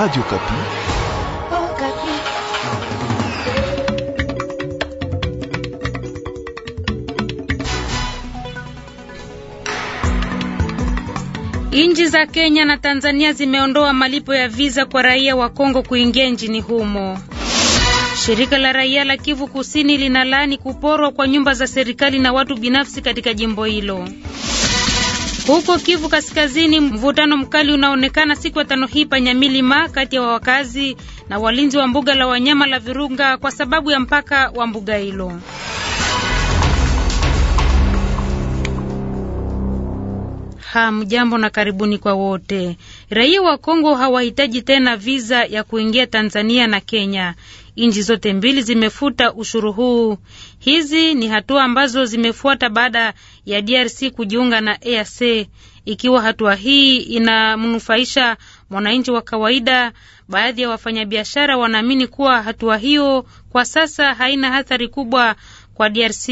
Radio Kapi. Oh, Kapi. Nchi za Kenya na Tanzania zimeondoa malipo ya visa kwa raia wa Kongo kuingia nchini humo. Shirika la raia la Kivu Kusini linalaani kuporwa kwa nyumba za serikali na watu binafsi katika jimbo hilo. Huko Kivu Kaskazini, mvutano mkali unaonekana siku ya tano hii Panyamilima, kati ya wakazi na walinzi wa mbuga la wanyama la Virunga kwa sababu ya mpaka wa mbuga hilo. Hamjambo na karibuni kwa wote. Raia wa Kongo hawahitaji tena viza ya kuingia Tanzania na Kenya. Nchi zote mbili zimefuta ushuru huu. Hizi ni hatua ambazo zimefuata baada ya DRC kujiunga na EAC. Ikiwa hatua hii inamnufaisha mwananchi wa kawaida, baadhi ya wafanyabiashara wanaamini kuwa hatua hiyo kwa sasa haina athari kubwa kwa DRC,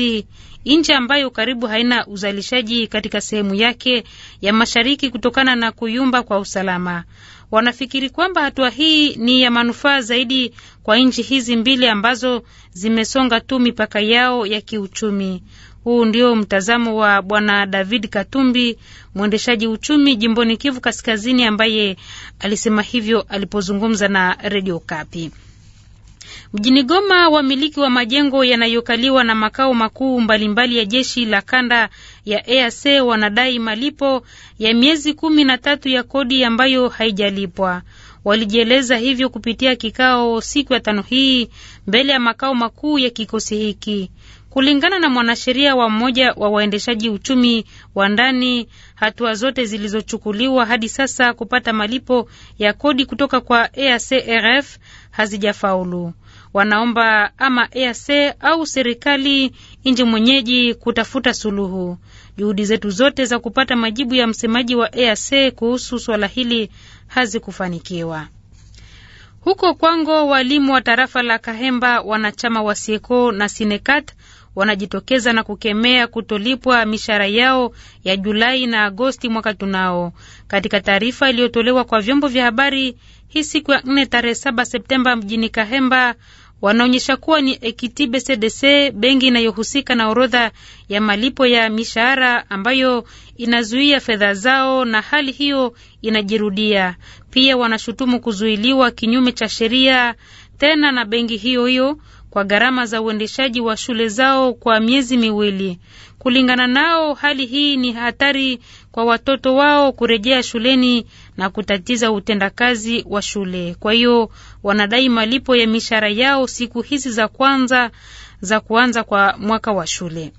nchi ambayo karibu haina uzalishaji katika sehemu yake ya mashariki kutokana na kuyumba kwa usalama wanafikiri kwamba hatua hii ni ya manufaa zaidi kwa nchi hizi mbili ambazo zimesonga tu mipaka yao ya kiuchumi. Huu ndio mtazamo wa Bwana David Katumbi, mwendeshaji uchumi jimboni Kivu Kaskazini, ambaye alisema hivyo alipozungumza na redio Kapi. Mjini Goma, wamiliki wa majengo yanayokaliwa na makao makuu mbalimbali ya jeshi la kanda ya EAC wanadai malipo ya miezi kumi na tatu ya kodi ambayo haijalipwa. Walijieleza hivyo kupitia kikao siku ya tano hii mbele ya makao makuu ya kikosi hiki. Kulingana na mwanasheria wa mmoja wa waendeshaji uchumi wa ndani, hatua zote zilizochukuliwa hadi sasa kupata malipo ya kodi kutoka kwa EACRF hazijafaulu wanaomba ama EAC au serikali nje mwenyeji kutafuta suluhu. Juhudi zetu zote za kupata majibu ya msemaji wa EAC kuhusu swala hili hazikufanikiwa. Huko Kwango, walimu wa tarafa la Kahemba, wanachama wa Sieko na Sinekat wanajitokeza na kukemea kutolipwa mishahara yao ya Julai na Agosti mwaka tunao. Katika taarifa iliyotolewa kwa vyombo vya habari hii siku ya nne tarehe saba Septemba mjini Kahemba, wanaonyesha kuwa ni Equitibe BCDC, benki inayohusika na orodha ya malipo ya mishahara ambayo inazuia fedha zao, na hali hiyo inajirudia. Pia wanashutumu kuzuiliwa kinyume cha sheria tena na benki hiyo hiyo kwa gharama za uendeshaji wa shule zao kwa miezi miwili. Kulingana nao, hali hii ni hatari kwa watoto wao kurejea shuleni na kutatiza utendakazi wa shule. Kwa hiyo wanadai malipo ya mishahara yao siku hizi za kwanza za kuanza kwa mwaka wa shule.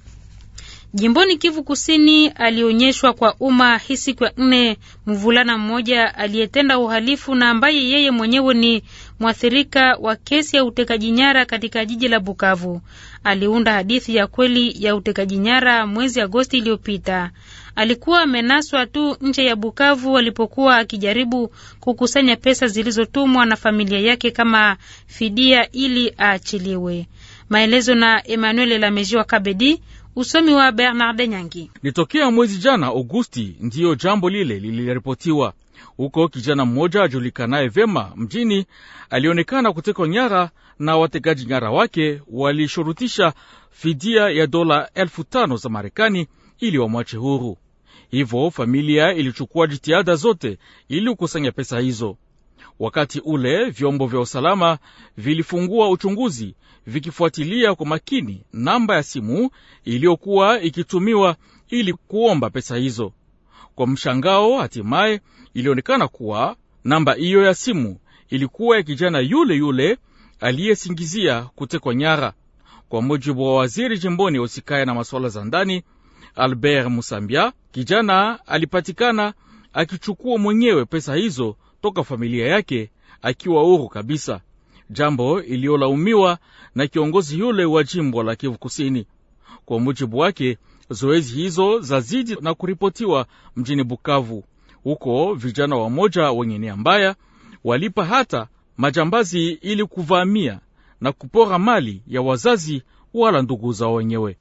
Jimboni Kivu Kusini alionyeshwa kwa umma hii siku ya nne mvulana mmoja aliyetenda uhalifu na ambaye yeye mwenyewe ni mwathirika wa kesi ya utekaji nyara katika jiji la Bukavu. Aliunda hadithi ya kweli ya utekaji nyara mwezi Agosti iliyopita alikuwa amenaswa tu nje ya Bukavu alipokuwa akijaribu kukusanya pesa zilizotumwa na familia yake kama fidia ili aachiliwe. Maelezo na Emmanuel Lamejiwa Kabedi. Usomi wa Bernard Nyangi. Ni tokea mwezi jana Agosti ndiyo jambo lile liliripotiwa huko. Kijana mmoja ajulikanaye vema mjini alionekana kutekwa nyara na wategaji nyara wake walishurutisha fidia ya dola elfu tano za Marekani ili wamwache huru. Hivyo familia ilichukua jitihada zote ili kukusanya pesa hizo. Wakati ule vyombo vya usalama vilifungua uchunguzi vikifuatilia kwa makini namba ya simu iliyokuwa ikitumiwa ili kuomba pesa hizo. Kwa mshangao, hatimaye ilionekana kuwa namba hiyo ya simu ilikuwa ya kijana yule yule aliyesingizia kutekwa nyara. Kwa mujibu wa waziri jimboni ya usikaya na masuala za ndani, Albert Musambia, kijana alipatikana akichukua mwenyewe pesa hizo toka familia yake akiwa huru kabisa, jambo iliyolaumiwa na kiongozi yule wa jimbo la Kivu Kusini. Kwa mujibu wake, zoezi hizo za zidi na kuripotiwa mjini Bukavu. Huko vijana wamoja wenye nia mbaya walipa hata majambazi ili kuvamia na kupora mali ya wazazi wala ndugu zao wenyewe.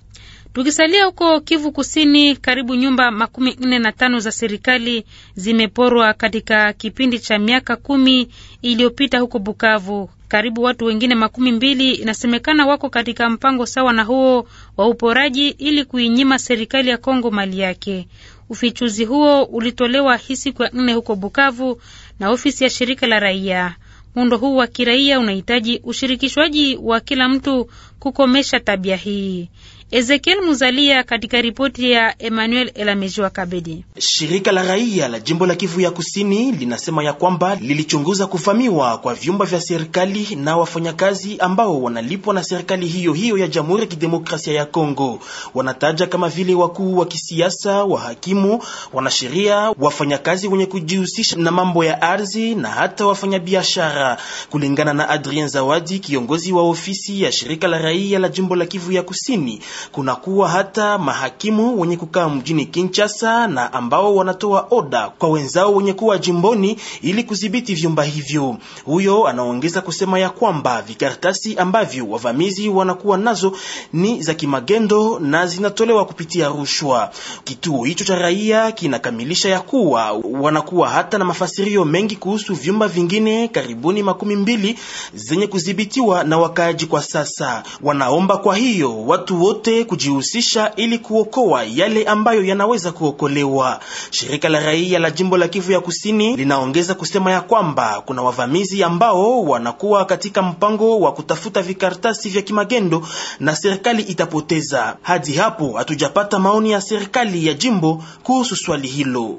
Tukisalia huko Kivu Kusini, karibu nyumba makumi nne na tano za serikali zimeporwa katika kipindi cha miaka kumi iliyopita huko Bukavu. Karibu watu wengine makumi mbili inasemekana wako katika mpango sawa na huo wa uporaji ili kuinyima serikali ya Kongo mali yake. Ufichuzi huo ulitolewa hii siku ya nne huko Bukavu na ofisi ya shirika la raia. Muundo huu wa kiraia unahitaji ushirikishwaji wa kila mtu kukomesha tabia hii. Ezekiel Muzalia katika ripoti ya Emmanuel Elamejiwa Kabedi. Shirika la raia la jimbo la Kivu ya Kusini linasema ya kwamba lilichunguza kuvamiwa kwa vyumba vya serikali na wafanyakazi ambao wanalipwa na serikali hiyo hiyo ya Jamhuri ya Kidemokrasia ya Kongo. Wanataja kama vile wakuu wa kisiasa, wahakimu, wanasheria, wafanyakazi wenye kujihusisha na mambo ya ardhi na hata wafanyabiashara. Kulingana na Adrien Zawadi, kiongozi wa ofisi ya shirika la raia la jimbo la Kivu ya Kusini, kunakuwa hata mahakimu wenye kukaa mjini Kinshasa na ambao wanatoa oda kwa wenzao wenye kuwa jimboni ili kudhibiti vyumba hivyo. Huyo anaongeza kusema ya kwamba vikaratasi ambavyo wavamizi wanakuwa nazo ni za kimagendo na zinatolewa kupitia rushwa. Kituo hicho cha raia kinakamilisha ya kuwa wanakuwa hata na mafasirio mengi kuhusu vyumba vingine karibuni makumi mbili zenye kudhibitiwa na wakaaji kwa sasa. Wanaomba kwa hiyo watu wote wote kujihusisha ili kuokoa yale ambayo yanaweza kuokolewa. Shirika la raia la jimbo la Kivu ya Kusini linaongeza kusema ya kwamba kuna wavamizi ambao wanakuwa katika mpango wa kutafuta vikaratasi vya kimagendo na serikali itapoteza. Hadi hapo hatujapata maoni ya serikali ya jimbo kuhusu swali hilo.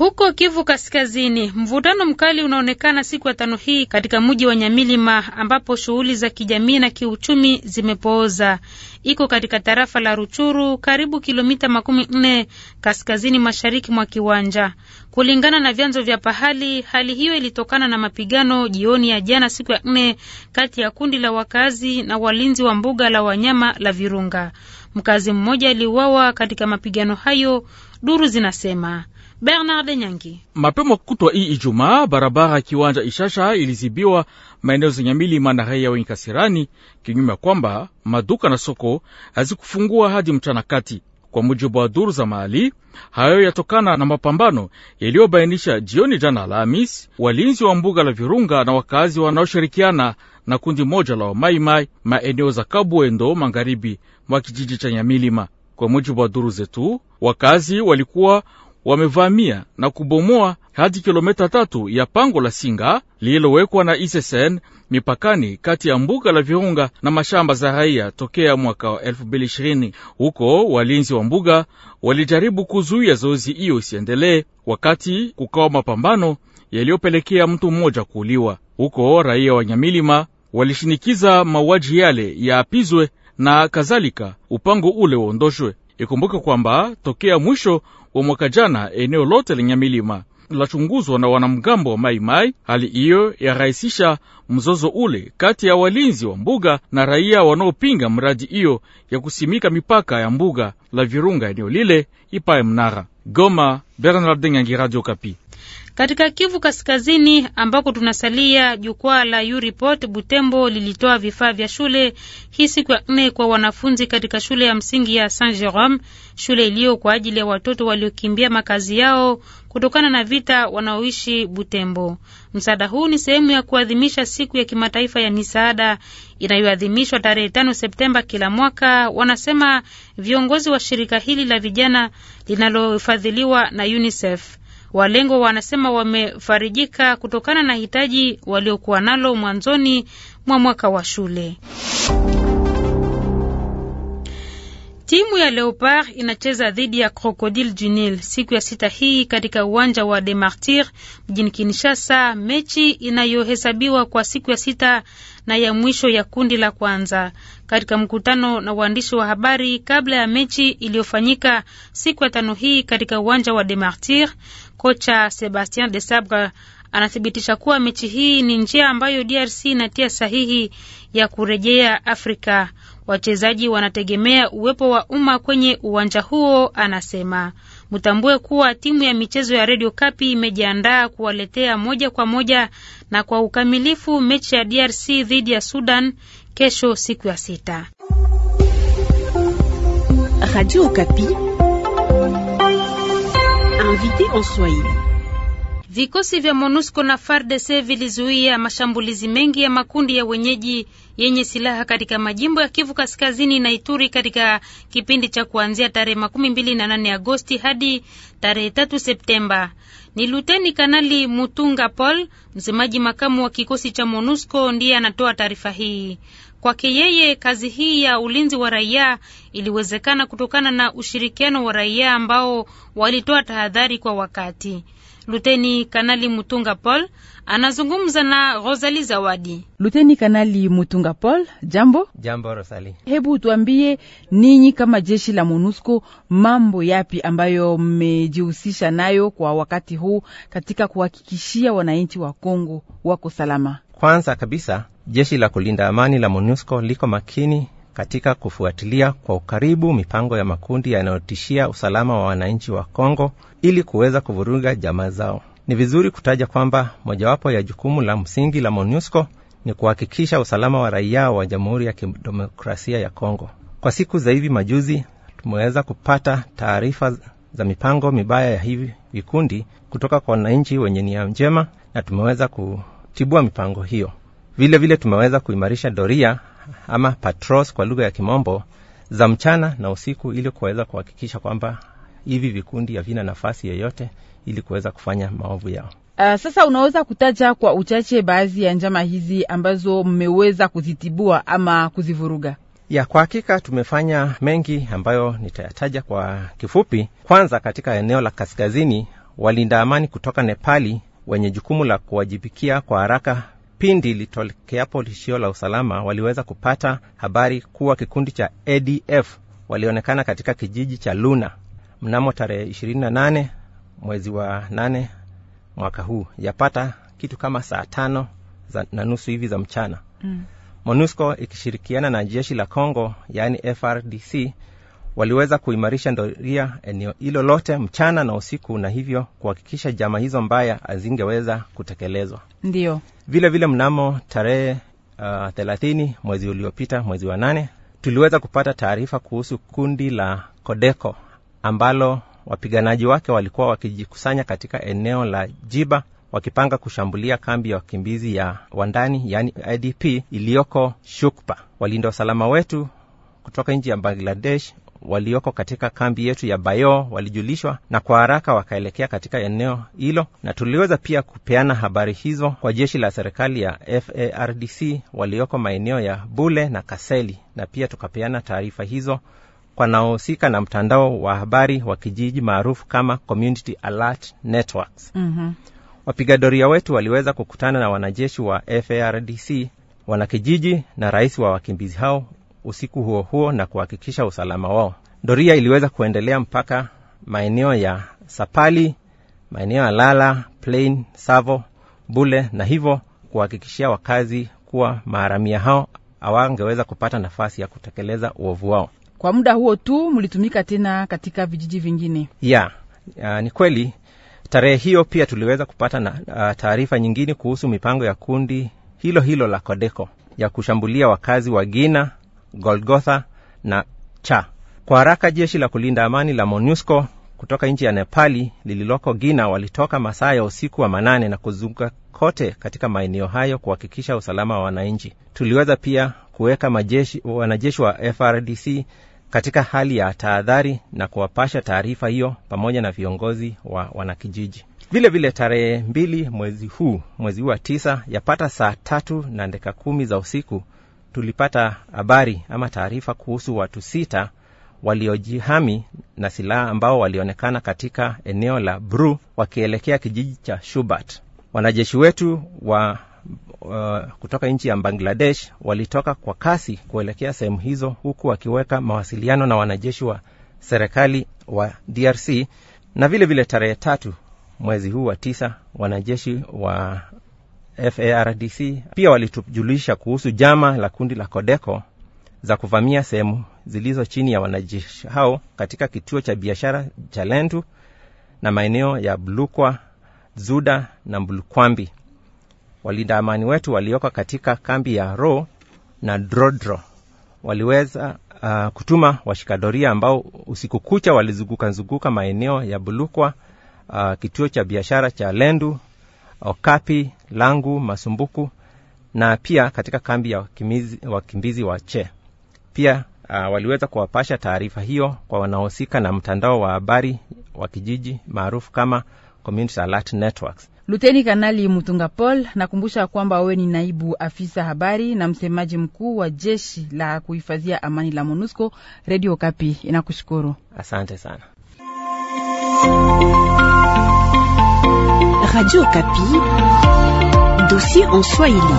Huko Kivu Kaskazini, mvutano mkali unaonekana siku ya tano hii katika mji wa Nyamilima ambapo shughuli za kijamii na kiuchumi zimepooza. Iko katika tarafa la Ruchuru, karibu kilomita makumi nne kaskazini mashariki mwa Kiwanja. Kulingana na vyanzo vya pahali, hali hiyo ilitokana na mapigano jioni ya jana siku ya nne kati ya kundi la wakazi na walinzi wa mbuga la wanyama la Virunga. Mkazi mmoja aliuawa katika mapigano hayo, duru zinasema. Bernard Nyangi. Mapema kutwa hii Ijumaa, barabara kiwanja Ishasha ilizibiwa maeneo zenye milima na raia wenye kasirani, kinyume kwamba maduka na soko hazikufungua hadi mchana kati. Kwa mujibu wa duru za mahali, hayo yatokana na mapambano yaliyobainisha jioni jana Alhamis, walinzi wa mbuga la Virunga na wakazi wanaoshirikiana na kundi moja la Wamaimai maeneo za Kabwendo, magharibi mwa kijiji cha Nyamilima. Kwa mujibu wa duru zetu, wakazi walikuwa wamevamia na kubomoa hadi kilomita tatu ya pango la Singa lililowekwa na ISSN mipakani kati ya mbuga la Virunga na mashamba za raia tokea mwaka wa 2020. Huko walinzi wa mbuga walijaribu kuzuia zoezi hiyo isiendelee, wakati kukawa mapambano yaliyopelekea mtu mmoja kuuliwa. Huko raia wa Nyamilima walishinikiza mauaji yale yaapizwe na kadhalika, upango ule uondoshwe. Ikumbuke kwamba tokea mwisho wa mwaka jana eneo lote lenye milima lachunguzwa na wanamgambo wa Maimai. Hali hiyo yarahisisha mzozo ule kati ya walinzi wa mbuga na raia wanaopinga mradi hiyo ya kusimika mipaka ya mbuga la Virunga eneo lile ipaye mnara Goma. Bernardin Nyangi, Radio Kapi. Katika Kivu Kaskazini ambako tunasalia, jukwaa la uriport Butembo lilitoa vifaa vya shule hii siku ya nne kwa wanafunzi katika shule ya msingi ya Saint Jerome, shule iliyo kwa ajili ya watoto waliokimbia makazi yao kutokana na vita wanaoishi Butembo. Msaada huu ni sehemu ya kuadhimisha siku ya kimataifa ya misaada inayoadhimishwa tarehe tano Septemba kila mwaka, wanasema viongozi wa shirika hili la vijana linalofadhiliwa na UNICEF walengo wanasema wamefarijika kutokana na hitaji waliokuwa nalo mwanzoni mwa mwaka wa shule. Timu ya Leopard inacheza dhidi ya Crocodile du Nil siku ya sita hii katika uwanja wa De Martir mjini Kinshasa, mechi inayohesabiwa kwa siku ya sita na ya mwisho ya kundi la kwanza. Katika mkutano na waandishi wa habari kabla ya mechi iliyofanyika siku ya tano hii katika uwanja wa De Martir, Kocha Sebastien de Sabre anathibitisha kuwa mechi hii ni njia ambayo DRC inatia sahihi ya kurejea Afrika. Wachezaji wanategemea uwepo wa umma kwenye uwanja huo, anasema. Mutambue kuwa timu ya michezo ya Radio Kapi imejiandaa kuwaletea moja kwa moja na kwa ukamilifu mechi ya DRC dhidi ya Sudan kesho siku ya sita. Radio Kapi invité en Swahili. Vikosi vya MONUSCO na FARDC vilizuia mashambulizi mengi ya makundi ya wenyeji yenye silaha katika majimbo ya Kivu Kaskazini na Ituri katika kipindi cha kuanzia tarehe makumi mbili na nane Agosti hadi tarehe tatu Septemba. Ni Luteni Kanali Mutunga Paul, msemaji makamu wa kikosi cha MONUSCO, ndiye anatoa taarifa hii. Kwake yeye, kazi hii ya ulinzi wa raia iliwezekana kutokana na ushirikiano wa raia ambao walitoa tahadhari kwa wakati. Luteni Kanali Mutunga Paul anazungumza na Rosali Zawadi. Luteni Kanali Mutunga Paul, jambo. Jambo Rosali, hebu tuambie ninyi kama jeshi la MONUSCO mambo yapi ambayo mmejihusisha nayo kwa wakati huu katika kuhakikishia wananchi wa Kongo wako salama? Kwanza kabisa jeshi la kulinda amani la MONUSCO liko makini katika kufuatilia kwa ukaribu mipango ya makundi yanayotishia usalama wa wananchi wa Kongo ili kuweza kuvuruga jamaa zao. Ni vizuri kutaja kwamba mojawapo ya jukumu la msingi la MONUSCO ni kuhakikisha usalama wa raia wa Jamhuri ya Kidemokrasia ya Kongo. Kwa siku za hivi majuzi tumeweza kupata taarifa za mipango mibaya ya hivi vikundi kutoka kwa wananchi wenye nia njema, na tumeweza kutibua mipango hiyo. Vilevile vile tumeweza kuimarisha doria ama patrols kwa lugha ya Kimombo za mchana na usiku, ili kuweza kuhakikisha kwamba hivi vikundi havina nafasi yoyote ili kuweza kufanya maovu yao. Uh, sasa unaweza kutaja kwa uchache baadhi ya njama hizi ambazo mmeweza kuzitibua ama kuzivuruga? Ya, kwa hakika tumefanya mengi ambayo nitayataja kwa kifupi. Kwanza, katika eneo la kaskazini, walinda amani kutoka Nepali wenye jukumu la kuwajibikia kwa haraka pindi litokeapo tishio la usalama waliweza kupata habari kuwa kikundi cha ADF walionekana katika kijiji cha Luna mnamo tarehe 28 mwezi wa 8 mwaka huu, yapata kitu kama saa tano na nusu hivi za mchana mm. MONUSCO ikishirikiana na jeshi la Congo yaani FRDC waliweza kuimarisha doria eneo hilo lote mchana na usiku, na hivyo kuhakikisha jama hizo mbaya hazingeweza kutekelezwa. Ndio vile vile mnamo tarehe uh, mwezi uliopita, mwezi wa nane, tuliweza kupata taarifa kuhusu kundi la Kodeko ambalo wapiganaji wake walikuwa wakijikusanya katika eneo la Jiba wakipanga kushambulia kambi ya wakimbizi ya wandani yaani IDP iliyoko Shukpa. Walinda usalama wetu kutoka nchi ya Bangladesh walioko katika kambi yetu ya Bayo walijulishwa na kwa haraka wakaelekea katika eneo hilo, na tuliweza pia kupeana habari hizo kwa jeshi la serikali ya FARDC walioko maeneo ya Bule na Kaseli, na pia tukapeana taarifa hizo wanaohusika na mtandao wa habari wa kijiji maarufu kama Community Alert Networks. mm -hmm. Wapiga doria wetu waliweza kukutana na wanajeshi wa FARDC, wanakijiji na rais wa wakimbizi hao usiku huo huo na kuhakikisha usalama wao. Doria iliweza kuendelea mpaka maeneo ya Sapali, maeneo ya Lala, Plain, Savo, Bule na hivyo kuhakikishia wakazi kuwa maharamia hao hawangeweza kupata nafasi ya kutekeleza uovu wao. Kwa muda huo tu mlitumika tena katika vijiji vingine ya yeah. Ni kweli tarehe hiyo pia tuliweza kupata na uh, taarifa nyingine kuhusu mipango ya kundi hilo hilo la Kodeko ya kushambulia wakazi wa Gina Golgotha na Cha. Kwa haraka jeshi la kulinda amani la MONUSCO kutoka nchi ya Nepali lililoko Gina walitoka masaa ya usiku wa manane na kuzunguka kote katika maeneo hayo kuhakikisha usalama wa wananchi. Tuliweza pia kuweka majeshi, wanajeshi wa FRDC katika hali ya tahadhari na kuwapasha taarifa hiyo pamoja na viongozi wa wanakijiji. Vile vile tarehe mbili mwezi huu mwezi huu wa tisa yapata saa tatu na ndeka kumi za usiku tulipata habari ama taarifa kuhusu watu sita waliojihami na silaha ambao walionekana katika eneo la Bru wakielekea kijiji cha Shubat. Wanajeshi wetu wa uh, kutoka nchi ya Bangladesh walitoka kwa kasi kuelekea sehemu hizo, huku wakiweka mawasiliano na wanajeshi wa serikali wa DRC. Na vile vile tarehe tatu mwezi huu wa tisa, wanajeshi wa FARDC pia walitujulisha kuhusu jama la kundi la Kodeko za kuvamia sehemu zilizo chini ya wanajeshi hao katika kituo cha biashara cha Lendu na maeneo ya Blukwa, Zuda na Mbulukwambi. Walinda amani wetu walioko katika kambi ya Ro na Drodro waliweza uh, kutuma washikadoria ambao usiku kucha walizunguka zunguka maeneo ya Bulukwa, uh, kituo cha biashara cha Lendu Okapi, Langu, Masumbuku na pia katika kambi ya wakimbizi, wakimbizi wa Che. Pia uh, waliweza kuwapasha taarifa hiyo kwa wanaohusika na mtandao wa habari wa kijiji maarufu kama Community Alert Networks. Luteni Kanali Mutunga Paul, nakumbusha kwamba wewe ni naibu afisa habari na msemaji mkuu wa jeshi la kuhifadhia amani la MONUSCO. Radio Kapi inakushukuru, asante sana. Radio Kapi, dossier en Swahili.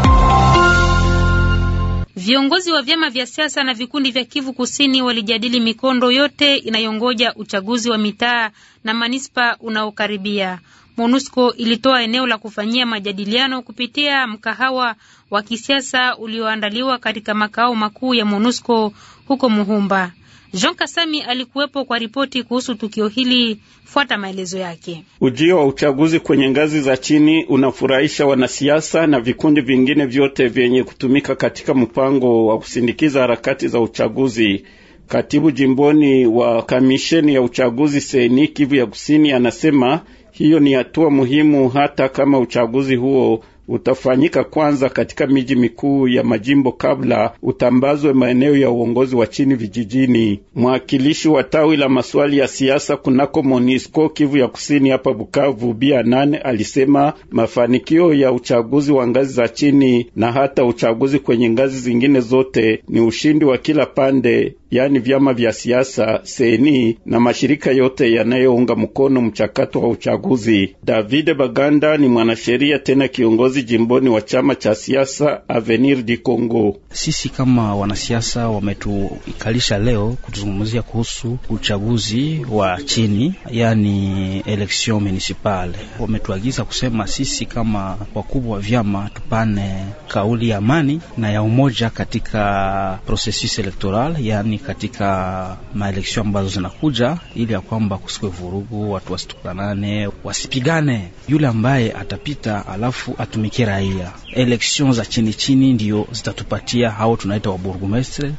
Viongozi wa vyama vya siasa na vikundi vya Kivu Kusini walijadili mikondo yote inayongoja uchaguzi wa mitaa na manispa unaokaribia. MONUSCO ilitoa eneo la kufanyia majadiliano kupitia mkahawa wa kisiasa ulioandaliwa katika makao makuu ya MONUSCO huko Muhumba. Jean Kasami alikuwepo kwa ripoti kuhusu tukio hili, fuata maelezo yake. Ujio wa uchaguzi kwenye ngazi za chini unafurahisha wanasiasa na vikundi vingine vyote vyenye kutumika katika mpango wa kusindikiza harakati za uchaguzi. Katibu jimboni wa kamisheni ya uchaguzi Seni Kivu ya Kusini anasema hiyo ni hatua muhimu, hata kama uchaguzi huo utafanyika kwanza katika miji mikuu ya majimbo kabla utambazwe maeneo ya uongozi wa chini vijijini. Mwakilishi wa tawi la maswali ya siasa kunako Monisco Kivu ya Kusini hapa Bukavu, Bia Nane, alisema mafanikio ya uchaguzi wa ngazi za chini na hata uchaguzi kwenye ngazi zingine zote ni ushindi wa kila pande yaani vyama vya siasa, seni na mashirika yote yanayounga mkono mchakato wa uchaguzi. David Baganda ni mwanasheria tena kiongozi jimboni wa chama cha siasa Avenir du Congo. Sisi kama wanasiasa wametuikalisha leo kutuzungumzia kuhusu uchaguzi wa chini, yani election municipale. Wametuagiza kusema sisi kama wakubwa wa vyama tupane kauli ya amani na ya umoja katika processus electoral, yani katika maeleksio ambazo zinakuja, ili ya kwamba kusikwe vurugu, watu wasitukanane, wasipigane. Yule ambaye atapita alafu atumikie raia. Eleksion za chini chini ndio zitatupatia hao tunaita waburgumestre,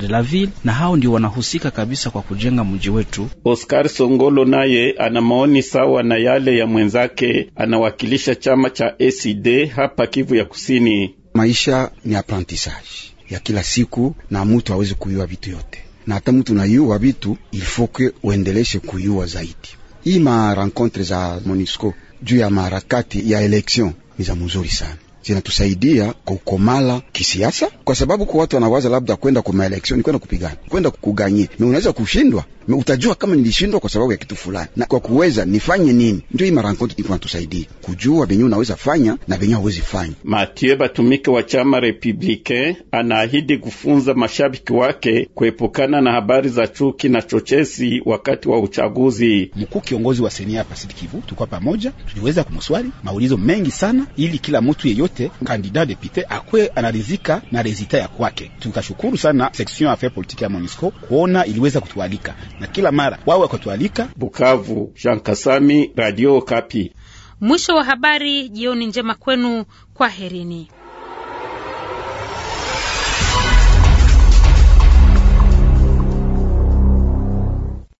de la ville, na hao ndio wanahusika kabisa kwa kujenga mji wetu. Oscar Songolo naye ana maoni sawa na yale ya mwenzake, anawakilisha chama cha ACD hapa Kivu ya Kusini. Maisha ni apprentissage ya kila siku, na mutu hawezi kuyua vitu yote, na hata mutu nayua vitu ilfoke uendeleshe kuyua zaidi. Hii ma rencontre za Monisco juu ya maharakati ya election ni za mzuri sana zinatusaidia kukomala kisiasa, kwa sababu kwa watu wanawaza labda kwenda kwa maeleksioni, kwenda kupigana, kwenda kuganyia, unaweza kushindwa, utajua kama nilishindwa kwa sababu ya kitu fulani, na kwa kuweza nifanye nini. Ndio hii marankonti iko natusaidia kujua venye unaweza fanya na venye hauwezi fanya. Mathieu Batumike wa chama Republicain anaahidi kufunza mashabiki wake kuepukana na habari za chuki na chochezi wakati wa uchaguzi mkuu. Kiongozi wa seni hapa Sud Kivu, pamoja, tuliweza kumswali maulizo mengi sana, ili kila mtu yeyote kandida depute akwe anarizika na resulta ya kwake. Tukashukuru sana section affaires politiques ya MONUSCO kuona iliweza kutualika na kila mara wao wakotualika. Bukavu, Jean Kasami, Radio Kapi. Mwisho wa habari. Jioni njema kwenu, kwa herini